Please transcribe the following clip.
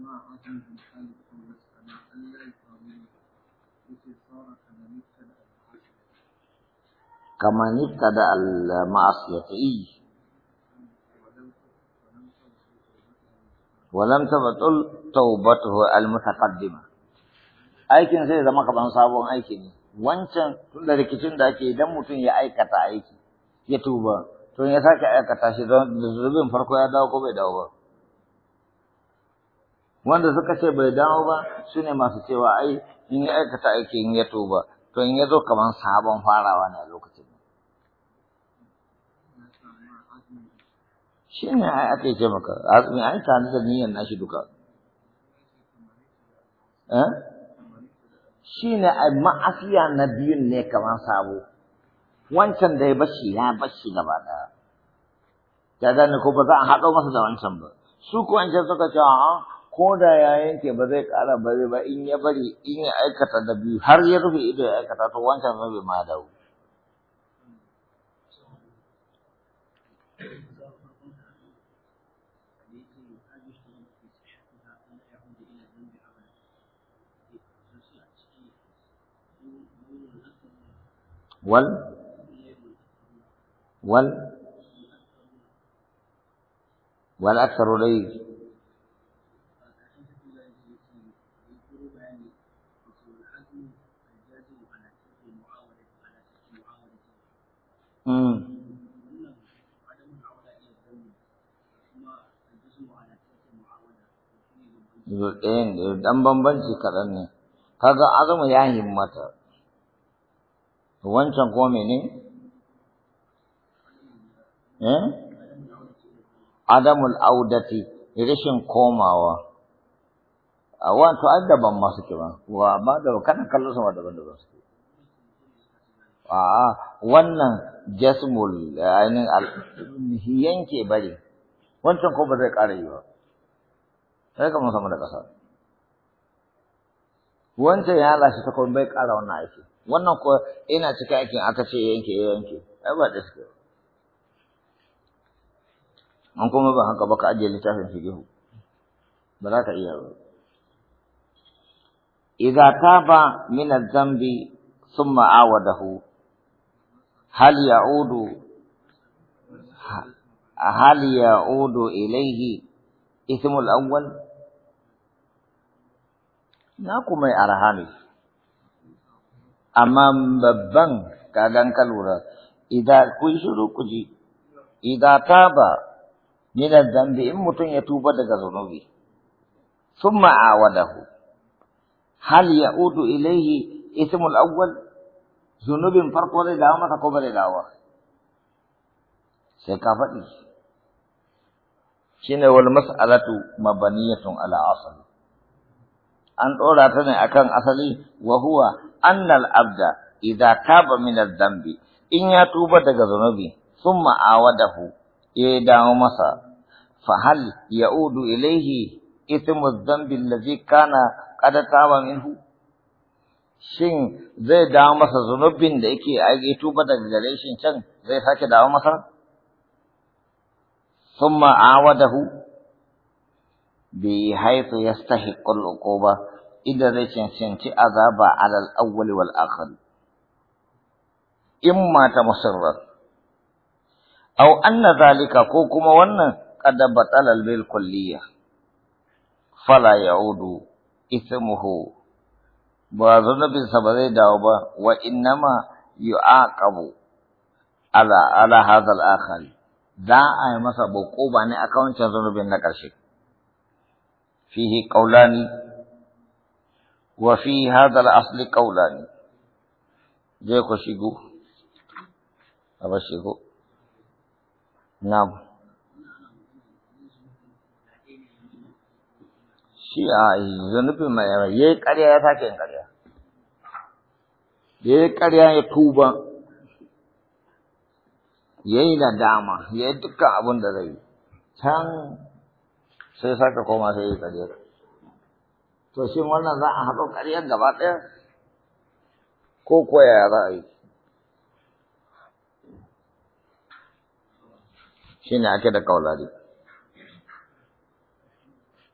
ما رجل خالد قوة على ألا يقابله إذ صار كمن ابتدأ المعصية كمن ولم توبته المتقدمه aikin zai zama kaman sabon aiki ne wancan tun da rikicin da ake idan mutum ya aikata aiki ya tuba to ya sake aikata shi don zubin farko ya dawo ko bai dawo ba wanda suka ce bai dawo ba su ne masu cewa ai in ya aikata aiki in ya tuba to in ya zo kamar sabon farawa ne a lokacin shi ne ai ake ce maka azumi ai ta da niyyar nashi duka eh? shi ne a ma'asiya na biyun ne kamar sabo wancan da ya bashi ya bashi gaba ɗaya ya gane ko ba za a haɗo masa da wancan ba su kuwa in suka ce a'a ko da ya yanke ba zai ƙara bare ba in ya bari in ya aikata da biyu har ya rufe ido ya aikata to wancan zai ma dawo wal wal wal aksaru dai Mm. ɗayan da ɗan bambanci kaɗan ne kaga azumu ya himmata wancan ko mene eh adamul audati rashin komawa a wato addaban masu kiba wa ba da kana kallon sama daban-daban suke a'a wannan jasmul ainihin yanke bare wancan ko ba zai ƙara yi ba sai ka sama da ƙasa wancan ya lashe takwas bai ƙara wannan aiki wannan ko ina cikin aikin aka ce yanke yanke ai ba da suke an kuma ba haka ba ka ajiye littafin gihu ba za ka iya ba idza taba min adh-dhanbi thumma awadahu هل يعود هل يعود إليه إثم الأول ناكو mai arhani amma babban kagan kalura idan kun shiru ku ji idan ne da zambi in mutum ya tuba daga zunubi thumma awadahu hal udu ilaihi ismul awwal zunubin farko zai dawo masa ko ba zai dawo sai ka faɗi shine wal mas'alatu mabaniyatun ala asl an dora ta ne akan asali wa huwa annal abda idza taba min adh-dhanbi in ya tuba daga zunubi thumma awadahu ya dawo masa fa hal ya'udu ilayhi ithmu adh-dhanbi alladhi kana qad taba minhu shin zai dawo masa zunubin da yake aiki tuba daga gare shi can zai sake dawo masa Summa awadahu bi haythu yastahiqu al-uquba idan zai cancanci azaba alal awwal wal akhir imma ta musarrar aw anna zalika ko kuma wannan qad batala bil kulliya, fala ya'udu ismuhu ba zunubinsa ba zai dawo ba wa innama yu'aqabu ala ala hadal al-akhari za a yi masa ba ne akan wancan zunubin na ƙarshe fihi qawlani wa fi hadal asli qawlani je ku shigo a ba shigo na shi a zunubin mai yayi ƙarya ya sake yin ƙarya ya yi ƙarya ya tuba ya yi dama ya yi dukkan abin da zai can sai saka koma sai ya ƙarya to shi wannan za a haɗo ƙaryar gaba ɗaya ko koya za a yi shi ne ake da kaulari